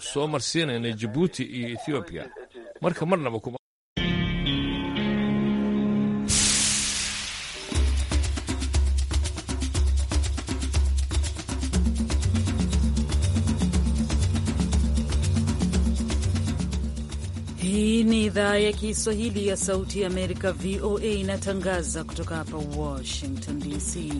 soo marsiinayna Djibouti iyo Ethiopia marka marnaba kuma Hii ni idhaa ya Kiswahili ya Sauti ya Amerika, VOA, inatangaza kutoka hapa Washington DC.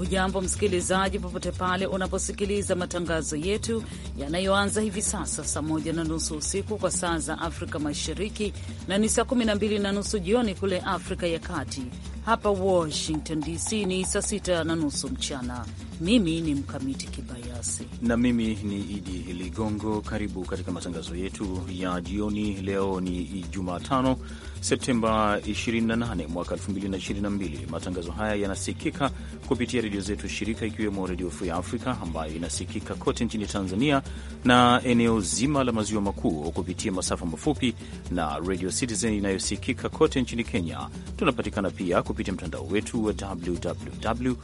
Hujambo msikilizaji, popote pale unaposikiliza matangazo yetu yanayoanza hivi sasa saa moja na nusu usiku kwa saa za Afrika Mashariki na ni saa kumi na mbili na nusu jioni kule Afrika ya Kati. Hapa Washington DC ni saa sita na nusu mchana. Mimi ni Mkamiti Kibayasi na mimi ni Idi Ligongo. Karibu katika matangazo yetu ya jioni. Leo ni Jumatano Septemba 28 mwaka 2022. Matangazo haya yanasikika kupitia redio zetu shirika, ikiwemo Redio Free Africa ambayo inasikika kote nchini Tanzania na eneo zima la maziwa makuu kupitia masafa mafupi na Radio Citizen inayosikika kote nchini Kenya. Tunapatikana pia kupitia mtandao wetu wa www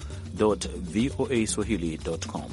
voa swahili.com.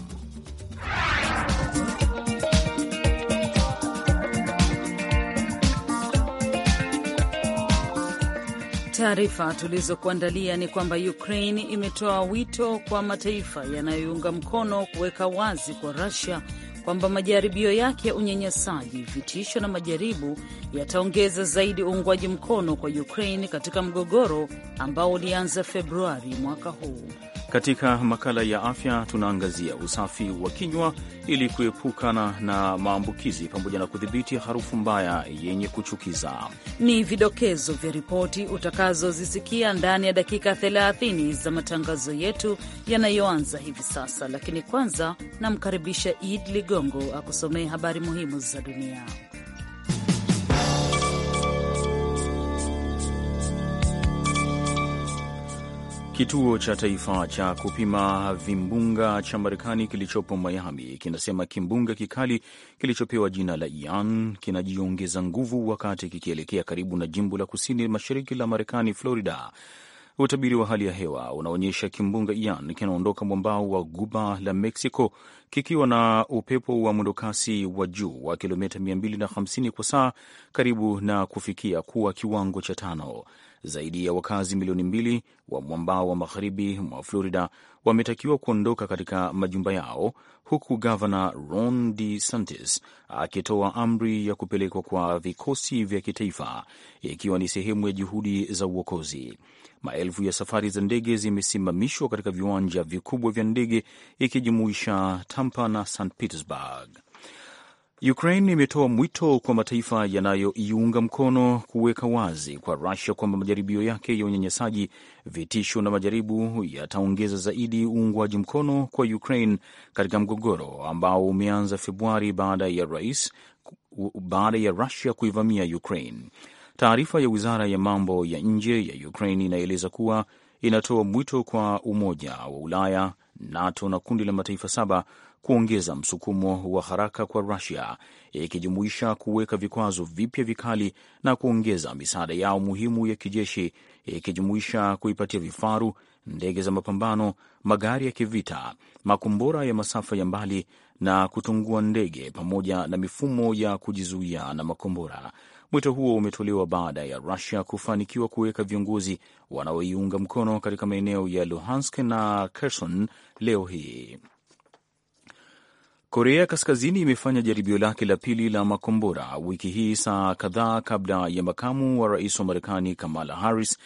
Taarifa tulizokuandalia ni kwamba Ukraine imetoa wito kwa mataifa yanayoiunga mkono kuweka wazi kwa Russia kwamba majaribio yake ya unyanyasaji, vitisho na majaribu yataongeza zaidi uungwaji mkono kwa Ukraine katika mgogoro ambao ulianza Februari mwaka huu. Katika makala ya afya tunaangazia usafi wa kinywa ili kuepukana na maambukizi pamoja na kudhibiti harufu mbaya yenye kuchukiza. Ni vidokezo vya ripoti utakazozisikia ndani ya dakika 30 za matangazo yetu yanayoanza hivi sasa, lakini kwanza namkaribisha Id Ligongo akusomee habari muhimu za dunia. Kituo cha taifa cha kupima vimbunga cha Marekani kilichopo Miami kinasema kimbunga kikali kilichopewa jina la Ian kinajiongeza nguvu wakati kikielekea karibu na jimbo la kusini mashariki la Marekani, Florida. Utabiri wa hali ya hewa unaonyesha kimbunga Ian kinaondoka mwambao wa guba la Mexico kikiwa na upepo wa mwendokasi wa juu wa kilomita 250 kwa saa, karibu na kufikia kuwa kiwango cha tano. Zaidi ya wakazi milioni mbili wa mwambao wa magharibi mwa Florida wametakiwa kuondoka katika majumba yao, huku gavana Ron De Santis akitoa amri ya kupelekwa kwa vikosi vya kitaifa ikiwa ni sehemu ya juhudi za uokozi. Maelfu ya safari za ndege zimesimamishwa katika viwanja vikubwa vya ndege ikijumuisha Tampa na St Petersburg. Ukraine imetoa mwito kwa mataifa yanayoiunga mkono kuweka wazi kwa rasia kwamba majaribio yake ya unyanyasaji, vitisho na majaribu yataongeza zaidi uungwaji mkono kwa Ukraine katika mgogoro ambao umeanza Februari baada ya rais baada ya Russia kuivamia Ukraine. Taarifa ya wizara ya mambo ya nje ya Ukraine inaeleza kuwa inatoa mwito kwa Umoja wa Ulaya, NATO na kundi la mataifa saba kuongeza msukumo wa haraka kwa Rusia, ikijumuisha kuweka vikwazo vipya vikali na kuongeza misaada yao muhimu ya kijeshi, ikijumuisha kuipatia vifaru, ndege za mapambano, magari ya kivita, makombora ya masafa ya mbali na kutungua ndege pamoja na mifumo ya kujizuia na makombora. Mwito huo umetolewa baada ya Rusia kufanikiwa kuweka viongozi wanaoiunga mkono katika maeneo ya Luhansk na Kherson leo hii. Korea Kaskazini imefanya jaribio lake la pili la makombora wiki hii, saa kadhaa kabla ya makamu wa rais wa Marekani Kamala Harris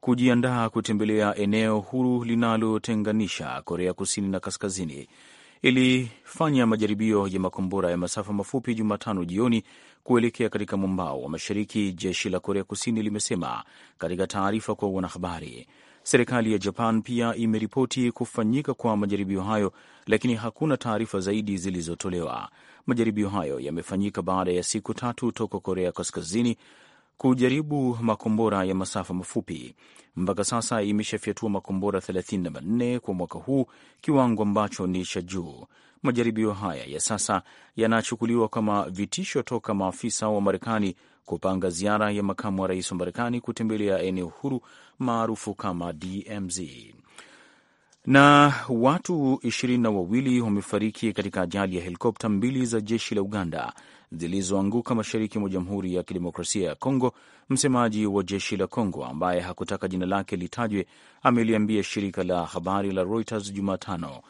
kujiandaa kutembelea eneo huru linalotenganisha Korea Kusini na Kaskazini. Ilifanya majaribio ya makombora ya masafa mafupi Jumatano jioni kuelekea katika mwambao wa mashariki, jeshi la Korea Kusini limesema katika taarifa kwa wanahabari. Serikali ya Japan pia imeripoti kufanyika kwa majaribio hayo lakini hakuna taarifa zaidi zilizotolewa. Majaribio hayo yamefanyika baada ya siku tatu toka Korea Kaskazini kujaribu makombora ya masafa mafupi. Mpaka sasa imeshafyatua makombora 34 kwa mwaka huu, kiwango ambacho ni cha juu. Majaribio haya ya sasa yanachukuliwa kama vitisho toka maafisa wa Marekani kupanga ziara ya makamu wa rais wa Marekani kutembelea eneo huru maarufu kama DMZ. Na watu ishirini na wawili wamefariki katika ajali ya helikopta mbili za jeshi la Uganda zilizoanguka mashariki mwa Jamhuri ya Kidemokrasia ya Kongo. Msemaji wa jeshi la Kongo ambaye hakutaka jina lake litajwe ameliambia shirika la habari la Reuters Jumatano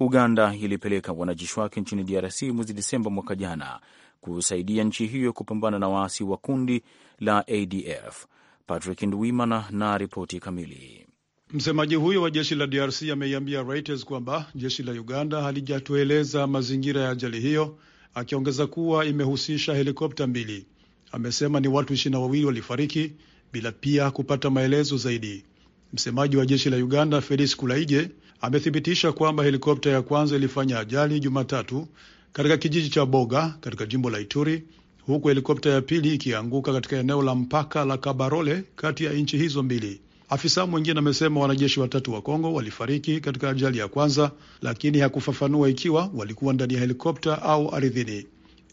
Uganda ilipeleka wanajeshi wake nchini DRC mwezi Desemba mwaka jana kusaidia nchi hiyo kupambana na waasi wa kundi la ADF. Patrick Ndwimana na ripoti kamili. Msemaji huyo wa jeshi la DRC ameiambia Reuters kwamba jeshi la Uganda halijatueleza mazingira ya ajali hiyo, akiongeza kuwa imehusisha helikopta mbili. Amesema ni watu ishirini na wawili walifariki bila pia kupata maelezo zaidi. Msemaji wa jeshi la Uganda Felix Kulaije amethibitisha kwamba helikopta ya kwanza ilifanya ajali Jumatatu katika kijiji cha Boga katika jimbo la Ituri, huku helikopta ya pili ikianguka katika eneo la mpaka la Kabarole kati ya nchi hizo mbili. Afisa mwingine amesema wanajeshi watatu wa Kongo walifariki katika ajali ya kwanza, lakini hakufafanua ikiwa walikuwa ndani ya helikopta au ardhini.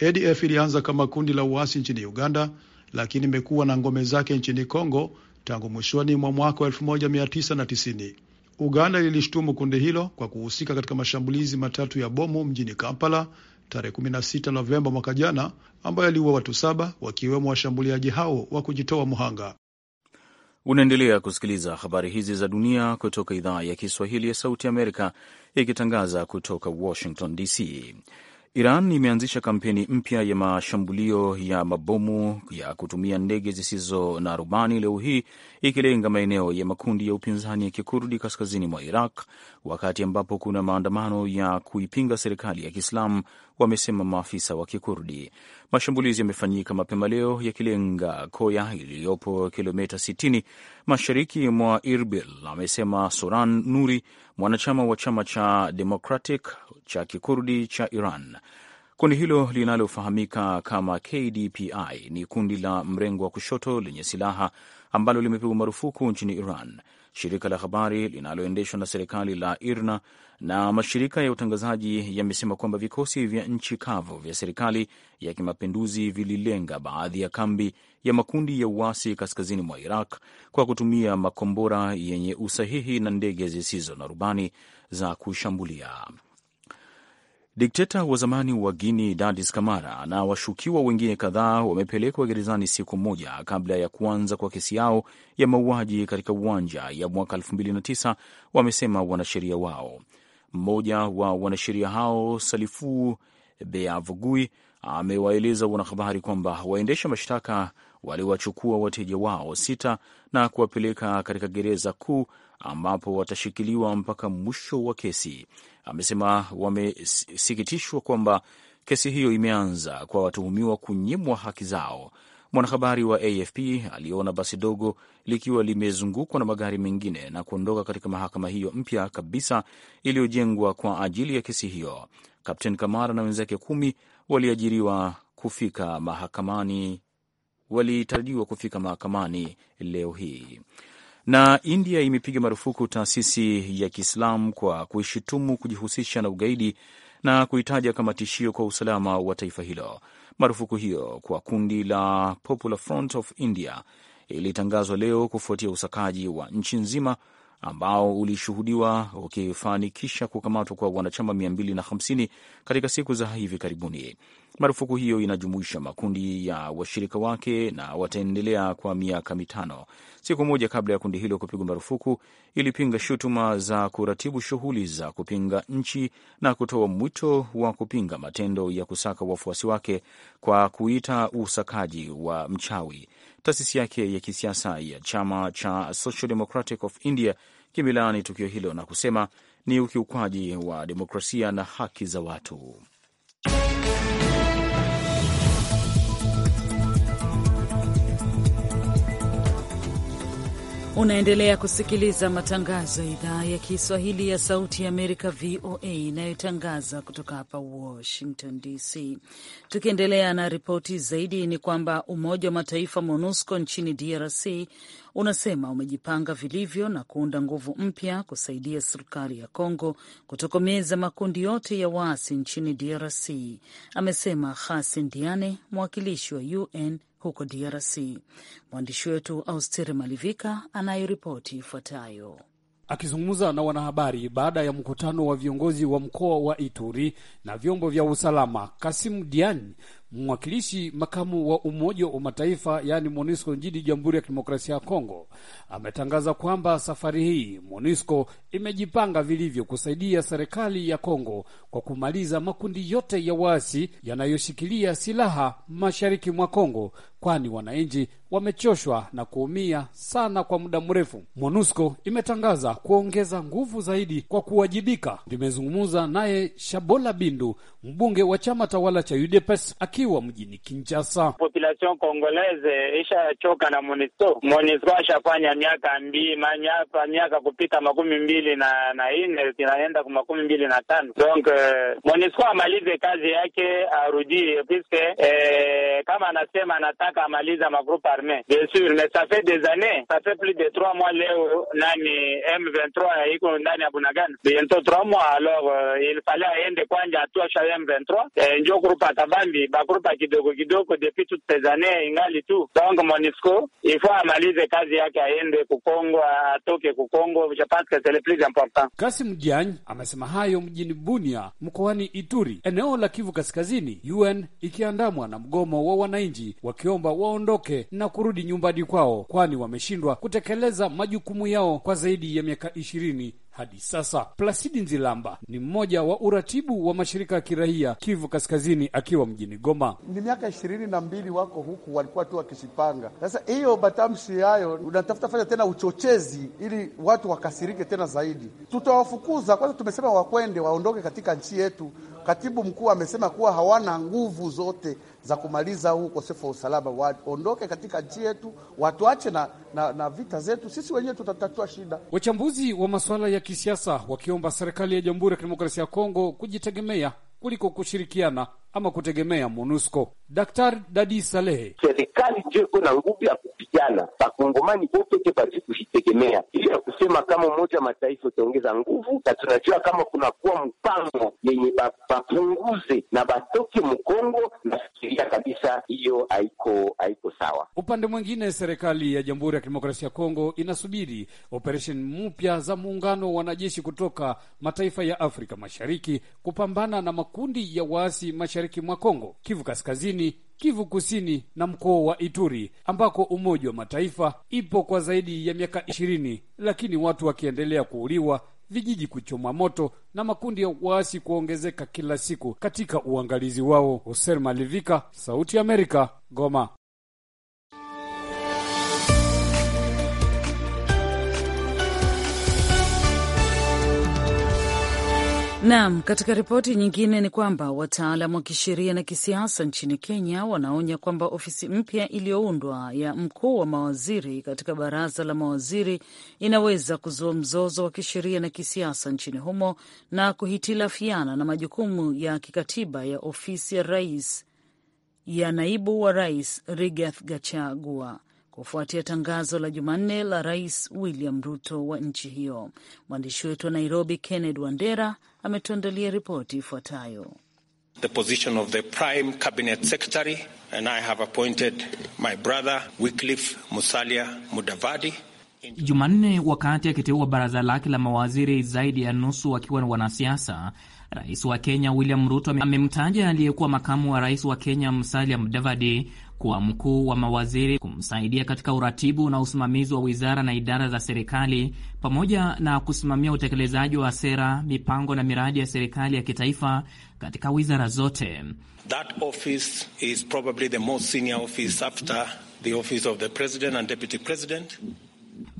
ADF ilianza kama kundi la uasi nchini Uganda, lakini imekuwa na ngome zake nchini Kongo tangu mwishoni mwa mwaka 1990. Uganda lilishutumu kundi hilo kwa kuhusika katika mashambulizi matatu ya bomu mjini Kampala tarehe 16 Novemba mwaka jana, ambayo aliua watu saba wakiwemo washambuliaji hao wa kujitoa muhanga. Unaendelea kusikiliza habari hizi za dunia kutoka idhaa ya Kiswahili ya Sauti Amerika ikitangaza kutoka Washington DC. Iran imeanzisha kampeni mpya ya mashambulio ya mabomu ya kutumia ndege zisizo na rubani leo hii ikilenga maeneo ya makundi ya upinzani ya kikurdi kaskazini mwa Iraq, wakati ambapo kuna maandamano ya kuipinga serikali ya Kiislamu wamesema maafisa wa Kikurdi. Mashambulizi yamefanyika mapema leo yakilenga Koya iliyopo kilomita 60 mashariki mwa Irbil, amesema Soran Nuri, mwanachama wa chama cha Democratic cha Kikurdi cha Iran. Kundi hilo linalofahamika kama KDPI ni kundi la mrengo wa kushoto lenye silaha ambalo limepigwa marufuku nchini Iran shirika la habari linaloendeshwa na serikali la IRNA na mashirika ya utangazaji yamesema kwamba vikosi vya nchi kavu vya serikali ya kimapinduzi vililenga baadhi ya kambi ya makundi ya uasi kaskazini mwa Iraq kwa kutumia makombora yenye usahihi na ndege zisizo na rubani za kushambulia. Dikteta wa zamani wa Guini Dadis Kamara na washukiwa wengine kadhaa wamepelekwa gerezani siku moja kabla ya kuanza kwa kesi yao ya mauaji katika uwanja ya mwaka 2009 wamesema wanasheria wao. Mmoja wa wanasheria hao Salifu Beavugui amewaeleza wanahabari kwamba waendesha mashtaka waliwachukua wateja wao sita na kuwapeleka katika gereza kuu ambapo watashikiliwa mpaka mwisho wa kesi. Amesema wamesikitishwa kwamba kesi hiyo imeanza kwa watuhumiwa kunyimwa haki zao. Mwanahabari wa AFP aliona basi dogo likiwa limezungukwa na magari mengine na kuondoka katika mahakama hiyo mpya kabisa iliyojengwa kwa ajili ya kesi hiyo. Kapten Kamara na wenzake kumi waliajiriwa kufika mahakamani, walitarajiwa kufika mahakamani leo hii. Na India imepiga marufuku taasisi ya Kiislamu kwa kuishutumu kujihusisha na ugaidi na kuitaja kama tishio kwa usalama wa taifa hilo. Marufuku hiyo kwa kundi la Popular Front of India ilitangazwa leo kufuatia usakaji wa nchi nzima ambao ulishuhudiwa ukifanikisha kukamatwa kwa wanachama 250 katika siku za hivi karibuni. Marufuku hiyo inajumuisha makundi ya washirika wake na wataendelea kwa miaka mitano. Siku moja kabla ya kundi hilo kupigwa marufuku, ilipinga shutuma za kuratibu shughuli za kupinga nchi na kutoa mwito wa kupinga matendo ya kusaka wafuasi wake kwa kuita usakaji wa mchawi. Taasisi yake ya kisiasa ya chama cha Social Democratic of India kimelaani tukio hilo na kusema ni ukiukwaji wa demokrasia na haki za watu. Unaendelea kusikiliza matangazo ya idhaa ya Kiswahili ya Sauti ya Amerika, VOA, inayotangaza kutoka hapa Washington DC. Tukiendelea na ripoti zaidi, ni kwamba Umoja wa Mataifa MONUSCO nchini DRC unasema umejipanga vilivyo na kuunda nguvu mpya kusaidia serikali ya congo kutokomeza makundi yote ya waasi nchini DRC, amesema Hasi Ndiane, mwakilishi wa UN huko DRC. Mwandishi wetu Austeri Malivika anayeripoti ifuatayo. Akizungumza na wanahabari baada ya mkutano wa viongozi wa mkoa wa Ituri na vyombo vya usalama, Kasimu Diani Mwakilishi makamu wa Umoja wa Mataifa yaani MONUSCO nchini Jamhuri ya Kidemokrasia ya Kongo ametangaza kwamba safari hii MONUSCO imejipanga vilivyo kusaidia serikali ya Kongo kwa kumaliza makundi yote ya waasi yanayoshikilia silaha mashariki mwa Kongo kwani wananchi wamechoshwa na kuumia sana kwa muda mrefu. MONUSCO imetangaza kuongeza nguvu zaidi kwa kuwajibika. vimezungumza naye Shabola Bindu, mbunge wa chama tawala cha UDPS akiwa mjini Kinshasa. Population kongoleze ishachoka na MONUSCO. MONUSCO ashafanya miaka mbi, manyapa, miaka kupita makumi mbili na na nne inaenda kwa makumi mbili na tano donc euh, MONUSCO amalize kazi yake arudie, piske eh, kama anasema anata anataka amalize groupe arme bien sur, mais ça fait des années, ça fait plus de trois mois leo nani M23 iko ndani ya Bunagana bientôt trois mois. Alors uh, il fallait aende kwanja atuasha M23 eh, njo groupe atabambi bagroupe kidogo kidogo depuis toutes ces années ingali tu donc Monisco il faut amalize kazi yake aende kukongo atoke kukongo, je pense que c'est le plus important. Kasim Diagne amesema hayo mjini Bunia mkoani Ituri, eneo la Kivu Kaskazini, UN ikiandamwa na mgomo wa wananchi wakiwa wameomba waondoke na kurudi nyumbani kwao, kwani wameshindwa kutekeleza majukumu yao kwa zaidi ya miaka ishirini hadi sasa. Plasidi Nzilamba ni mmoja wa uratibu wa mashirika ya kiraia Kivu Kaskazini, akiwa mjini Goma. Ni miaka ishirini na mbili wako huku, walikuwa tu wakisipanga. Sasa hiyo matamshi hayo, unatafuta fanya tena uchochezi ili watu wakasirike tena zaidi. Tutawafukuza kwanza, tumesema wakwende waondoke katika nchi yetu Katibu mkuu amesema kuwa hawana nguvu zote za kumaliza huu ukosefu wa usalama, waondoke katika nchi yetu, watuache na, na, na vita zetu, sisi wenyewe tutatatua shida. Wachambuzi wa masuala ya kisiasa wakiomba serikali ya Jamhuri ya Kidemokrasia ya Kongo kujitegemea kuliko kushirikiana ama kutegemea MONUSCO. Daktari Dadi Salehe: serikali ndio iko na nguvu ya kupigana, bakongomani popote basi kushitegemea, ili ya kusema kama Umoja Mataifa utaongeza nguvu, na tunajua kama kunakuwa mpango yenye bapunguze na batoke Mkongo na kufikiria kabisa hiyo haiko haiko sawa. Upande mwingine, serikali ya Jamhuri ya Kidemokrasia ya Kongo inasubiri operesheni mpya za muungano wa wanajeshi kutoka mataifa ya Afrika Mashariki kupambana na makundi ya waasi mashariki mwa Kongo, Kivu Kaskazini, Kivu Kusini na mkoa wa Ituri ambako Umoja wa Mataifa ipo kwa zaidi ya miaka ishirini, lakini watu wakiendelea kuuliwa vijiji kuchomwa moto na makundi ya waasi kuongezeka kila siku katika uangalizi wao. Hoser Malivika, Sauti ya Amerika, Goma. Naam, katika ripoti nyingine ni kwamba wataalam wa kisheria na kisiasa nchini Kenya wanaonya kwamba ofisi mpya iliyoundwa ya mkuu wa mawaziri katika baraza la mawaziri inaweza kuzua mzozo wa kisheria na kisiasa nchini humo na kuhitilafiana na majukumu ya kikatiba ya ofisi ya rais ya naibu wa rais Rigathi Gachagua kufuatia tangazo la Jumanne la Rais William Ruto wa nchi hiyo. Mwandishi wetu wa Nairobi, Kenneth Wandera, ametuandalia ripoti ifuatayo. The position of the prime cabinet secretary and I have appointed my brother Wycliffe Musalia Mudavadi. Jumanne, wakati akiteua baraza lake la mawaziri, zaidi ya nusu wakiwa ni wanasiasa, rais wa Kenya William Ruto amemtaja aliyekuwa makamu wa rais wa Kenya Musalia Mudavadi kuwa mkuu wa mawaziri, kumsaidia katika uratibu na usimamizi wa wizara na idara za serikali, pamoja na kusimamia utekelezaji wa sera, mipango na miradi ya serikali ya kitaifa katika wizara zote. That office is probably the most senior office after the office of the president and deputy president.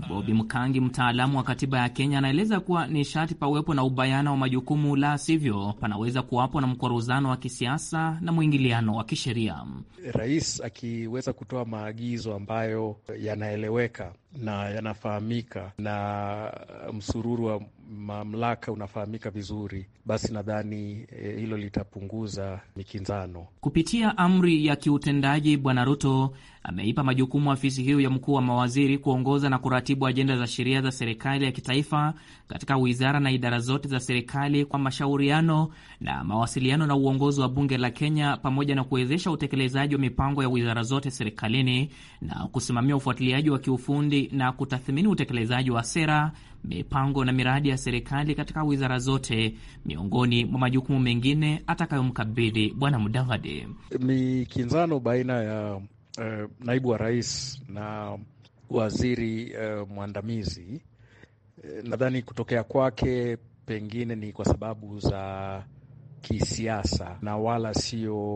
Bobi Mkangi, mtaalamu wa katiba ya Kenya, anaeleza kuwa ni sharti pawepo na ubayana wa majukumu, la sivyo panaweza kuwapo na mkwaruzano wa kisiasa na mwingiliano wa kisheria. Rais akiweza kutoa maagizo ambayo yanaeleweka na yanafahamika na msururu wa mamlaka unafahamika vizuri, basi nadhani eh, hilo litapunguza mikinzano. Kupitia amri ya kiutendaji, Bwana Ruto ameipa majukumu afisi hiyo ya mkuu wa mawaziri kuongoza na kuratibu ajenda za sheria za serikali ya kitaifa katika wizara na idara zote za serikali kwa mashauriano na mawasiliano na uongozi wa bunge la Kenya, pamoja na kuwezesha utekelezaji wa mipango ya wizara zote serikalini na kusimamia ufuatiliaji wa kiufundi na kutathmini utekelezaji wa sera, mipango na miradi ya serikali katika wizara zote, miongoni mwa majukumu mengine atakayomkabidhi Bwana Mudavadi. Mikinzano baina ya Eh, naibu wa rais na waziri uh, mwandamizi eh, nadhani kutokea kwake pengine ni kwa sababu za kisiasa na wala sio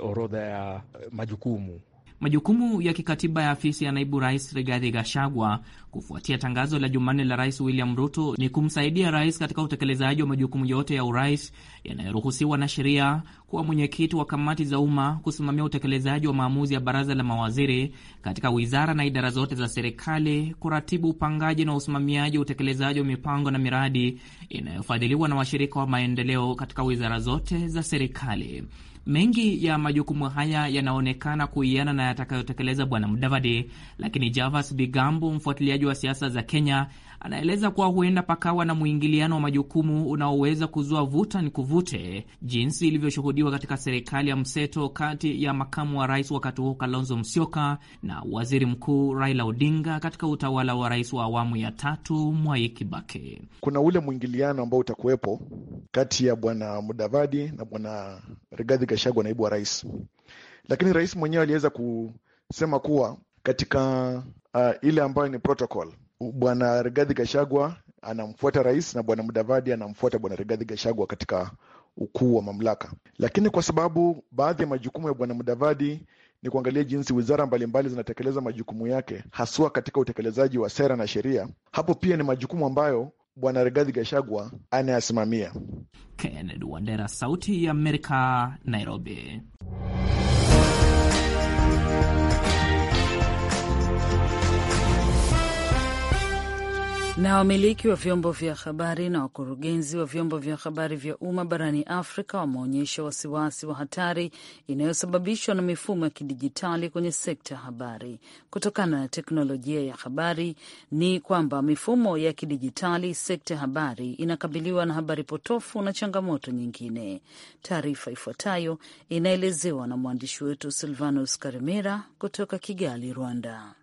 orodha ya majukumu majukumu ya kikatiba ya afisi ya naibu rais Rigathi Gachagua kufuatia tangazo la Jumanne la Rais William Ruto ni kumsaidia rais katika utekelezaji wa majukumu yote ya urais yanayoruhusiwa na sheria, kuwa mwenyekiti wa kamati za umma, kusimamia utekelezaji wa maamuzi ya baraza la mawaziri katika wizara na idara zote za serikali, kuratibu upangaji na usimamiaji wa utekelezaji wa mipango na miradi inayofadhiliwa na washirika wa maendeleo katika wizara zote za serikali. Mengi ya majukumu haya yanaonekana kuiana na yatakayotekeleza Bwana Mudavadi, lakini Javas Bigambu, mfuatiliaji wa siasa za Kenya, Anaeleza kuwa huenda pakawa na mwingiliano wa majukumu unaoweza kuzua vuta ni kuvute, jinsi ilivyoshuhudiwa katika serikali ya mseto kati ya makamu wa rais wakati huo Kalonzo Musyoka na waziri mkuu Raila Odinga katika utawala wa rais wa awamu ya tatu Mwai Kibaki. Kuna ule mwingiliano ambao utakuwepo kati ya bwana Mudavadi na bwana Rigathi Gachagua, naibu wa rais, lakini rais mwenyewe aliweza kusema kuwa katika uh, ile ambayo ni protocol Bwana Rigathi Gachagua anamfuata rais na Bwana Mudavadi anamfuata Bwana Rigathi Gachagua katika ukuu wa mamlaka, lakini kwa sababu baadhi ya majukumu ya Bwana Mudavadi ni kuangalia jinsi wizara mbalimbali zinatekeleza majukumu yake haswa katika utekelezaji wa sera na sheria. Hapo pia ni majukumu ambayo Bwana Rigathi Gachagua anayasimamia. Kennedy Wandera, Sauti ya Amerika, Nairobi. Na wamiliki wa vyombo vya habari na wakurugenzi wa vyombo vya habari vya umma barani Afrika wameonyesha wasiwasi wa hatari inayosababishwa na mifumo ya kidijitali kwenye sekta ya habari kutokana na teknolojia ya habari. Ni kwamba mifumo ya kidijitali sekta ya habari inakabiliwa na habari potofu na changamoto nyingine. Taarifa ifuatayo inaelezewa na mwandishi wetu Silvanus Karimera kutoka Kigali, Rwanda.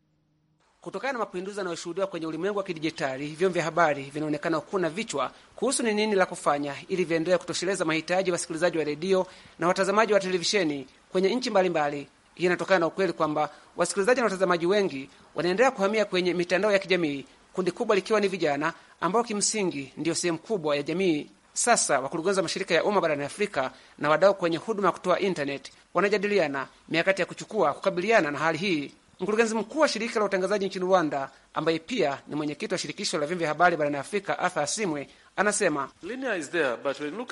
Kutokana na mapinduzi yanayoshuhudiwa kwenye ulimwengu wa kidijitali, vyombo vya habari vinaonekana kuna vichwa kuhusu ni nini la kufanya ili viendelee kutosheleza mahitaji ya wasikilizaji wa redio na watazamaji wa televisheni kwenye nchi mbalimbali. Hii inatokana na ukweli kwamba wasikilizaji na watazamaji wengi wanaendelea kuhamia kwenye mitandao ya kijamii, kundi kubwa likiwa ni vijana ambao kimsingi ndiyo sehemu kubwa ya jamii. Sasa wakurugenzi wa mashirika ya umma barani Afrika na wadau kwenye huduma ya kutoa intaneti wanajadiliana mikakati ya kuchukua kukabiliana na hali hii Mkurugenzi mkuu wa shirika la utangazaji nchini Rwanda, ambaye pia ni mwenyekiti wa shirikisho la vyombo vya habari barani Afrika, Arthur Asimwe, anasema uh,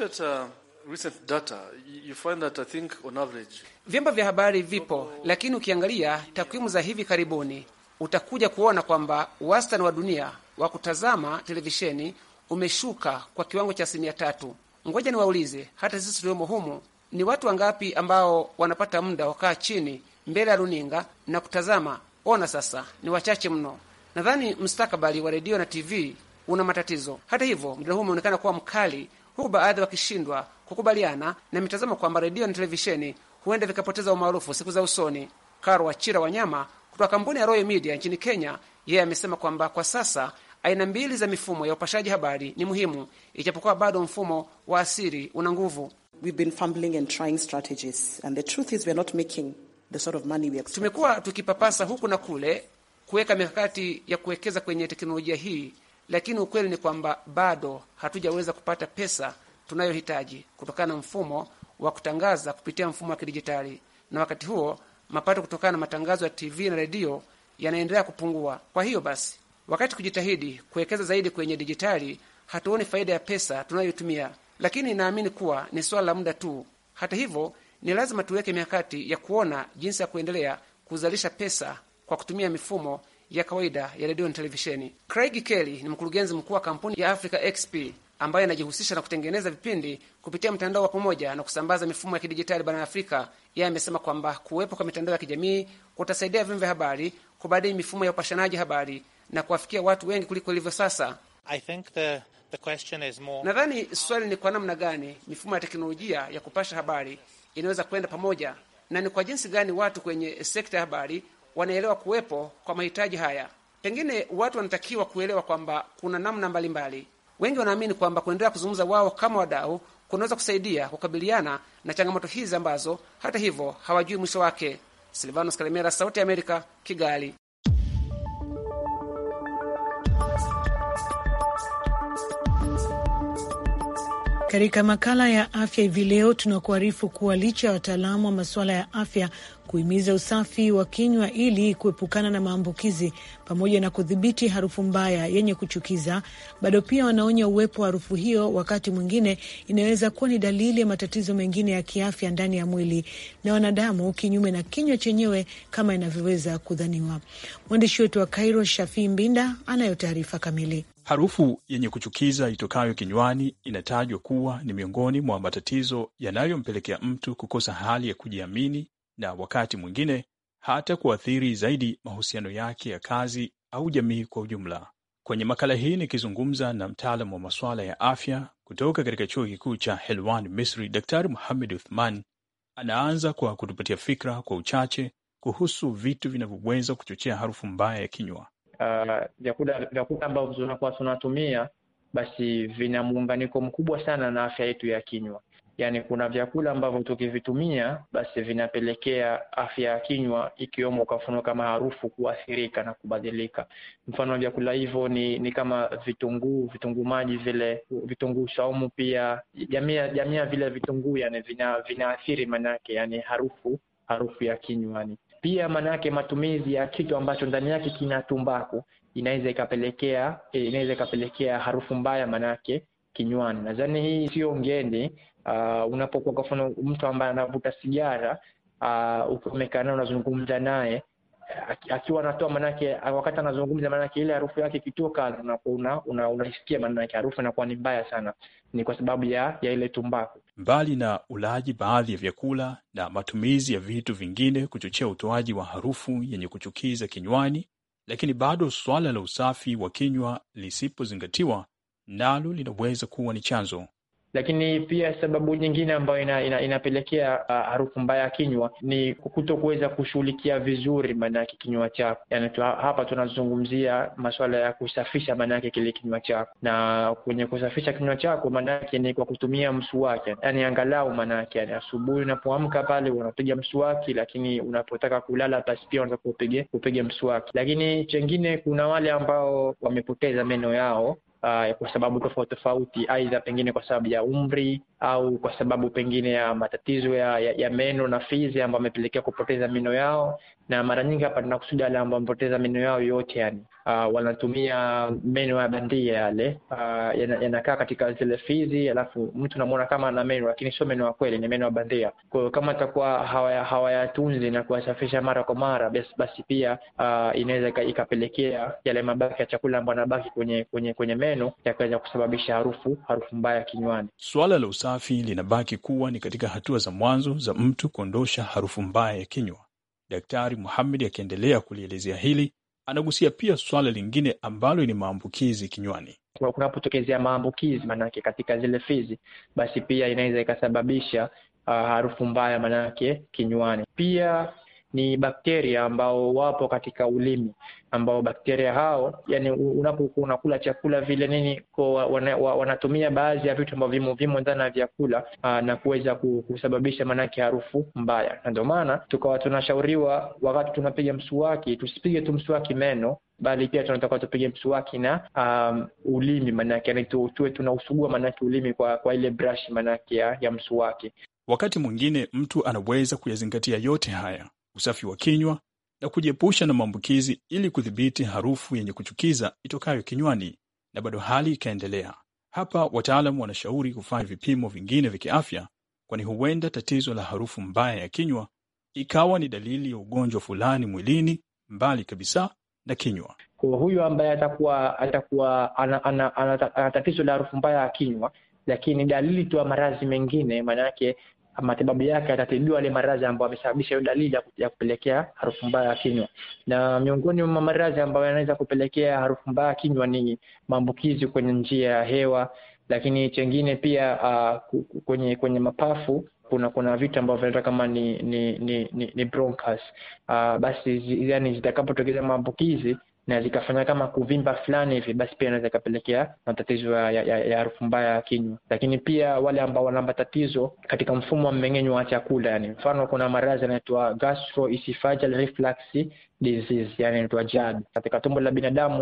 vyombo vya habari vipo, lakini ukiangalia takwimu za hivi karibuni utakuja kuona kwamba wastani wa dunia wa kutazama televisheni umeshuka kwa kiwango cha asilimia tatu. Ngoja niwaulize, hata sisi tuliomo humu, ni watu wangapi ambao wanapata muda wakaa chini mbele ya runinga na kutazama. Ona sasa ni wachache mno. Nadhani mustakabali wa redio na TV una matatizo. Hata hivyo, mjadala huu umeonekana kuwa mkali, huku baadhi wakishindwa kukubaliana na mitazamo kwamba redio na televisheni huenda vikapoteza umaarufu siku za usoni. Karo Wachira Wanyama kutoka kampuni ya Royal Media nchini Kenya, yeye amesema kwamba kwa sasa aina mbili za mifumo ya upashaji habari ni muhimu, ijapokuwa bado mfumo wa asili una nguvu sort of tumekuwa tukipapasa huku na kule kuweka mikakati ya kuwekeza kwenye teknolojia hii, lakini ukweli ni kwamba bado hatujaweza kupata pesa tunayohitaji kutokana na mfumo wa kutangaza kupitia mfumo wa kidijitali, na wakati huo mapato kutokana na matangazo ya TV na redio yanaendelea kupungua. Kwa hiyo basi, wakati kujitahidi kuwekeza zaidi kwenye dijitali, hatuoni faida ya pesa tunayoitumia, lakini naamini kuwa ni swala la muda tu. Hata hivyo ni lazima tuweke mikakati ya kuona jinsi ya kuendelea kuzalisha pesa kwa kutumia mifumo ya kawaida ya redio na televisheni. Craig Kelly ni mkurugenzi mkuu wa kampuni ya Africa XP ambayo inajihusisha na kutengeneza vipindi kupitia mtandao wa pamoja na kusambaza mifumo ya kidijitali barani Afrika. Yeye amesema kwamba kuwepo kwa mitandao ya kijamii kutasaidia vyombo vya habari kubadili mifumo ya upashanaji habari na kuwafikia watu wengi kuliko ilivyo sasa. I think the Nadhani swali ni kwa namna gani mifumo ya teknolojia ya kupasha habari inaweza kwenda pamoja na ni kwa jinsi gani watu kwenye sekta ya habari wanaelewa kuwepo kwa mahitaji haya. Pengine watu wanatakiwa kuelewa kwamba kuna namna mbalimbali mbali. Wengi wanaamini kwamba kuendelea kuzungumza wao kama wadau kunaweza kusaidia kukabiliana na changamoto hizi ambazo hata hivyo hawajui mwisho wake. Silvanos Kalemera, Sauti ya Amerika, Kigali. Katika makala ya afya hivi leo tunakuarifu kuwa licha ya wataalamu wa masuala ya afya kuhimiza usafi wa kinywa ili kuepukana na maambukizi pamoja na kudhibiti harufu mbaya yenye kuchukiza, bado pia wanaonya uwepo wa harufu hiyo wakati mwingine inaweza kuwa ni dalili ya matatizo mengine ya kiafya ndani ya mwili na wanadamu, kinyume na kinywa chenyewe kama inavyoweza kudhaniwa. Mwandishi wetu wa Kairo, Shafii Mbinda, anayo taarifa kamili. Harufu yenye kuchukiza itokayo kinywani inatajwa kuwa ni miongoni mwa matatizo yanayompelekea mtu kukosa hali ya kujiamini na wakati mwingine hata kuathiri zaidi mahusiano yake ya kazi au jamii kwa ujumla. Kwenye makala hii nikizungumza na mtaalamu wa masuala ya afya kutoka katika chuo kikuu cha Helwan, Misri, Daktari Muhamed Uthman anaanza kwa kutupatia fikra kwa uchache kuhusu vitu vinavyoweza kuchochea harufu mbaya ya kinywa. Eh, vyakula uh, vyakula ambavyo tunakuwa tunatumia basi vina muunganiko mkubwa sana na afya yetu ya kinywa. Yaani kuna vyakula ambavyo tukivitumia basi vinapelekea afya ya kinywa ikiwemo kwa kama harufu kuathirika na kubadilika. Mfano vyakula hivyo ni, ni kama vitunguu, vitunguu maji vile, vitunguu saumu pia, jamii ya vile vitunguu yani vina vinaathiri yani harufu harufu ya kinywani. Pia maanake matumizi ya kitu ambacho ndani yake kina tumbaku inaweza ikapelekea eh, inaweza ikapelekea harufu mbaya maanayake kinywani. Nadhani hii sio ngeni. Uh, unapokuwa kwa mfano mtu ambaye anavuta sigara uh, ah, ukionekana unazungumza naye akiwa anatoa manake, wakati anazungumza manake, ile harufu yake ikitoka unaisikia, una, una manake harufu inakuwa ni mbaya sana, ni kwa sababu ya, ya ile tumbaku. Mbali na ulaji baadhi ya vyakula na matumizi ya vitu vingine kuchochea utoaji wa harufu yenye kuchukiza kinywani, lakini bado swala la usafi wa kinywa lisipozingatiwa, nalo linaweza kuwa ni chanzo lakini pia sababu nyingine ambayo ina, ina, inapelekea uh, harufu mbaya ya kinywa ni kuto kuweza kushughulikia vizuri maanayake kinywa chako. Yani tu, hapa tunazungumzia masuala ya kusafisha maanayake kile kinywa chako, na kwenye kusafisha kinywa chako maanayake ni kwa kutumia mswaki, yani angalau maanayake yani asubuhi unapoamka pale unapiga mswaki, lakini unapotaka kulala basi pia unataka upige upige mswaki. Lakini chengine, kuna wale ambao wamepoteza meno yao uh, kwa sababu tofauti tofauti, aidha pengine kwa sababu ya umri au kwa sababu pengine ya matatizo ya, ya, ya meno na fizi ambayo amepelekea kupoteza meno yao, na mara nyingi hapa tunakusudia wale ambao wamepoteza meno yao yote yani uh, wanatumia meno ya bandia yale uh, yanakaa katika zile fizi, alafu mtu namwona kama ana meno, lakini sio meno ya kweli, ni meno ya bandia. Kwa hiyo kama atakuwa hawayatunzi hawaya na kuwasafisha mara kwa mara, basi pia uh, inaweza ikapelekea yale mabaki ya chakula ambayo anabaki kwenye, kwenye, kwenye meno yakaweza kusababisha harufu harufu mbaya kinywani. Suala la usafi linabaki kuwa ni katika hatua za mwanzo za mtu kuondosha harufu mbaya ya kinywa. Daktari muhamedi akiendelea kulielezea hili anagusia pia swala lingine ambalo ni maambukizi kinywani. Kunapotokezea maambukizi manake katika zile fizi, basi pia inaweza ikasababisha uh, harufu mbaya manake kinywani. Pia ni bakteria ambao wapo katika ulimi, ambao bakteria hao yani, unapokuwa unakula chakula vile nini kwa wana, wanatumia baadhi ya vitu ambavyo vimo vimo ndani ya vyakula ah, na kuweza kusababisha manake harufu mbaya, na ndio maana tukawa tunashauriwa wakati tunapiga mswaki tusipige tu mswaki meno bali pia tunatakiwa tupige mswaki na um, ulimi manake yani tu, tuwe tunausugua manake ulimi kwa, kwa ile brush manake ya, ya mswaki. Wakati mwingine mtu anaweza kuyazingatia yote haya usafi wa kinywa na kujiepusha na maambukizi ili kudhibiti harufu yenye kuchukiza itokayo kinywani, na bado hali ikaendelea. Hapa wataalam wanashauri kufanya vipimo vingine vya kiafya, kwani huenda tatizo la harufu mbaya ya kinywa ikawa ni dalili ya ugonjwa fulani mwilini mbali kabisa na kinywa. Kwa huyu ambaye atakuwa atakuwa ana, ana, ana, ana tatizo la harufu mbaya ya kinywa, lakini dalili tu ya maradhi mengine, maana matibabu yake atatibiwa yale maradhi ambayo amesababisha hiyo dalili ya kupelekea harufu mbaya ya kinywa. Na miongoni mwa maradhi ambayo yanaweza kupelekea harufu mbaya ya kinywa ni maambukizi kwenye njia ya hewa, lakini chengine pia uh, kwenye kwenye mapafu kuna kuna vitu ambavyo vinaitwa kama ni ni ni, ni, ni bronchus. Uh, basi zi, yani zitakapotokeza maambukizi na zikafanya kama kuvimba fulani hivi, basi pia inaweza ikapelekea matatizo ya harufu mbaya ya kinywa. Lakini pia wale ambao wana matatizo katika mfumo wa mmeng'enyo wa chakula, yani mfano kuna maradhi yanaitwa gastroesophageal reflux disease, yani inaitwa GERD. Katika tumbo la binadamu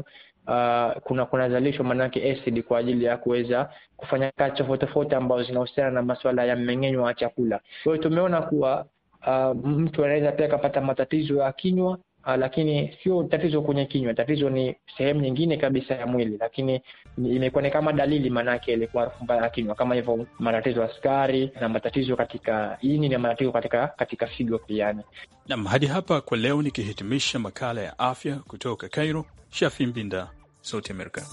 uh, kuna kunazalishwa manake acid kwa ajili ya kuweza kufanya kazi tofauti tofauti ambazo zinahusiana na masuala ya mmeng'enywa wa chakula. Kwa hiyo tumeona kuwa Uh, mtu anaweza pia akapata matatizo ya kinywa Ah, lakini sio tatizo kwenye kinywa, tatizo ni sehemu nyingine kabisa ya mwili, lakini imekuwa ni kama dalili, maanake ilikuwa harufu mbaya ya kinywa, kama hivyo matatizo ya sukari na matatizo katika ini na matatizo katika katika figo pia. Nam, hadi hapa kwa leo, nikihitimisha makala ya afya kutoka Cairo, Shafi Mbinda, Sauti Amerika.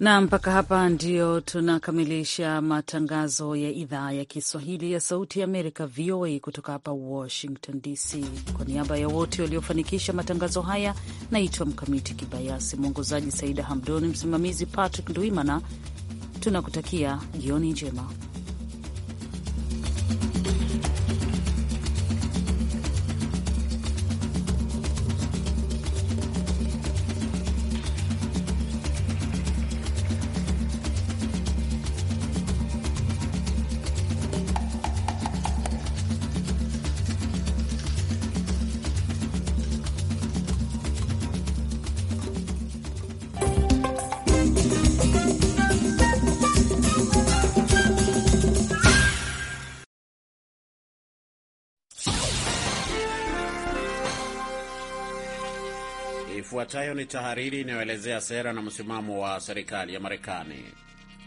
na mpaka hapa ndio tunakamilisha matangazo ya idhaa ya Kiswahili ya Sauti ya Amerika, VOA, kutoka hapa Washington DC. Kwa niaba ya wote waliofanikisha matangazo haya, naitwa Mkamiti Kibayasi, mwongozaji Saida Hamdoni, msimamizi Patrick Ndwimana. Tunakutakia jioni njema. Ifuatayo ni tahariri inayoelezea sera na msimamo wa serikali ya Marekani.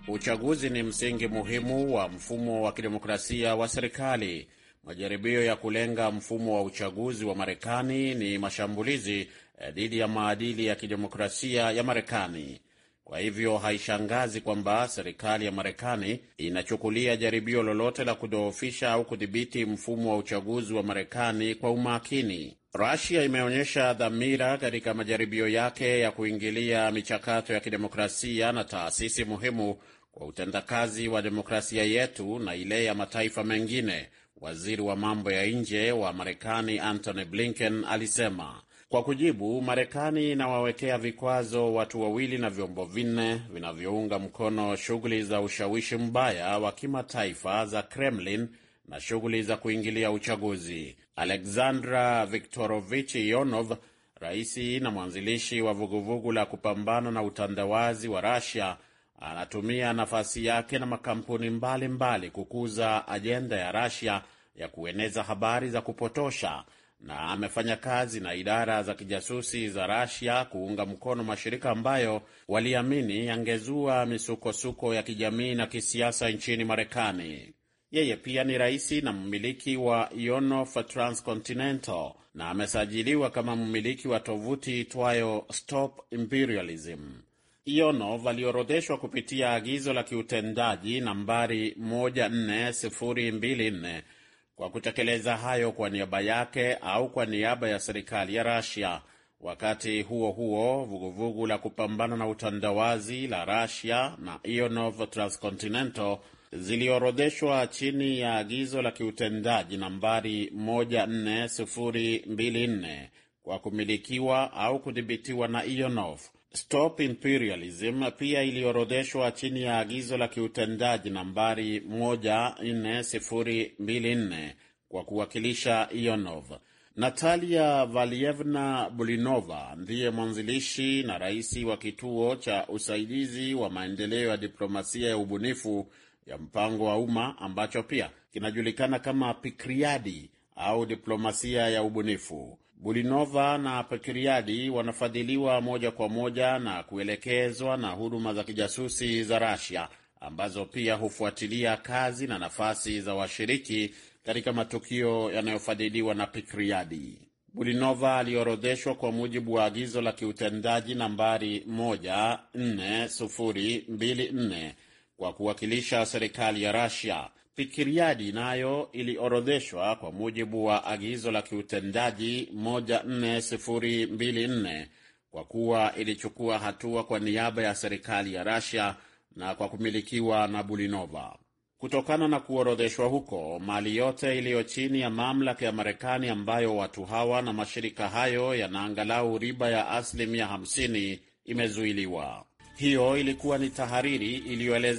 Uchaguzi ni msingi muhimu wa mfumo wa kidemokrasia wa serikali. Majaribio ya kulenga mfumo wa uchaguzi wa Marekani ni mashambulizi eh, dhidi ya maadili ya kidemokrasia ya Marekani. Kwa hivyo haishangazi kwamba serikali ya Marekani inachukulia jaribio lolote la kudhoofisha au kudhibiti mfumo wa uchaguzi wa Marekani kwa umakini rasia imeonyesha dhamira katika majaribio yake ya kuingilia michakato ya kidemokrasia na taasisi muhimu kwa utendakazi wa demokrasia yetu na ile ya mataifa mengine, waziri wa mambo ya nje wa Marekani Antony Blinken alisema. Kwa kujibu, Marekani inawawekea vikwazo watu wawili na vyombo vinne vinavyounga mkono shughuli za ushawishi mbaya wa kimataifa za Kremlin na shughuli za kuingilia uchaguzi. Alexandra Viktorovich Ionov, raisi na mwanzilishi wa vuguvugu la kupambana na utandawazi wa rasia anatumia nafasi yake na makampuni mbalimbali mbali kukuza ajenda ya rasia ya kueneza habari za kupotosha na amefanya kazi na idara za kijasusi za Rasia kuunga mkono mashirika ambayo waliamini yangezua misukosuko ya kijamii na kisiasa nchini Marekani. Yeye pia ni rais na mmiliki wa Yonof Transcontinental na amesajiliwa kama mmiliki wa tovuti itwayo Stop Imperialism. yonov aliorodheshwa kupitia agizo la kiutendaji nambari 14024 kwa kutekeleza hayo kwa niaba yake au kwa niaba ya serikali ya Russia. Wakati huo huo, vuguvugu la kupambana na utandawazi la Russia na Ionov Transcontinental ziliorodheshwa chini ya agizo la kiutendaji nambari 14024 kwa kumilikiwa au kudhibitiwa na IONOF. Stop Imperialism pia iliorodheshwa chini ya agizo la kiutendaji nambari 14024 kwa kuwakilisha IONOV. Natalia Valievna Bulinova ndiye mwanzilishi na rais wa kituo cha usaidizi wa maendeleo ya diplomasia ya ubunifu ya mpango wa umma ambacho pia kinajulikana kama Pikriadi au diplomasia ya ubunifu. Bulinova na Pikriadi wanafadhiliwa moja kwa moja na kuelekezwa na huduma za kijasusi za Rasia ambazo pia hufuatilia kazi na nafasi za washiriki katika matukio yanayofadhiliwa na Pikriadi. Bulinova aliorodheshwa kwa mujibu wa agizo la kiutendaji nambari 142024 kwa kuwakilisha serikali ya Russia. Fikiriadi nayo iliorodheshwa kwa mujibu wa agizo la kiutendaji 14024 kwa kuwa ilichukua hatua kwa niaba ya serikali ya Russia na kwa kumilikiwa na Bulinova. Kutokana na kuorodheshwa huko, mali yote iliyo chini ya mamlaka ya Marekani ambayo watu hawa na mashirika hayo yanaangalau riba ya asilimia 50 imezuiliwa. Hiyo ilikuwa ni tahariri iliyoeleza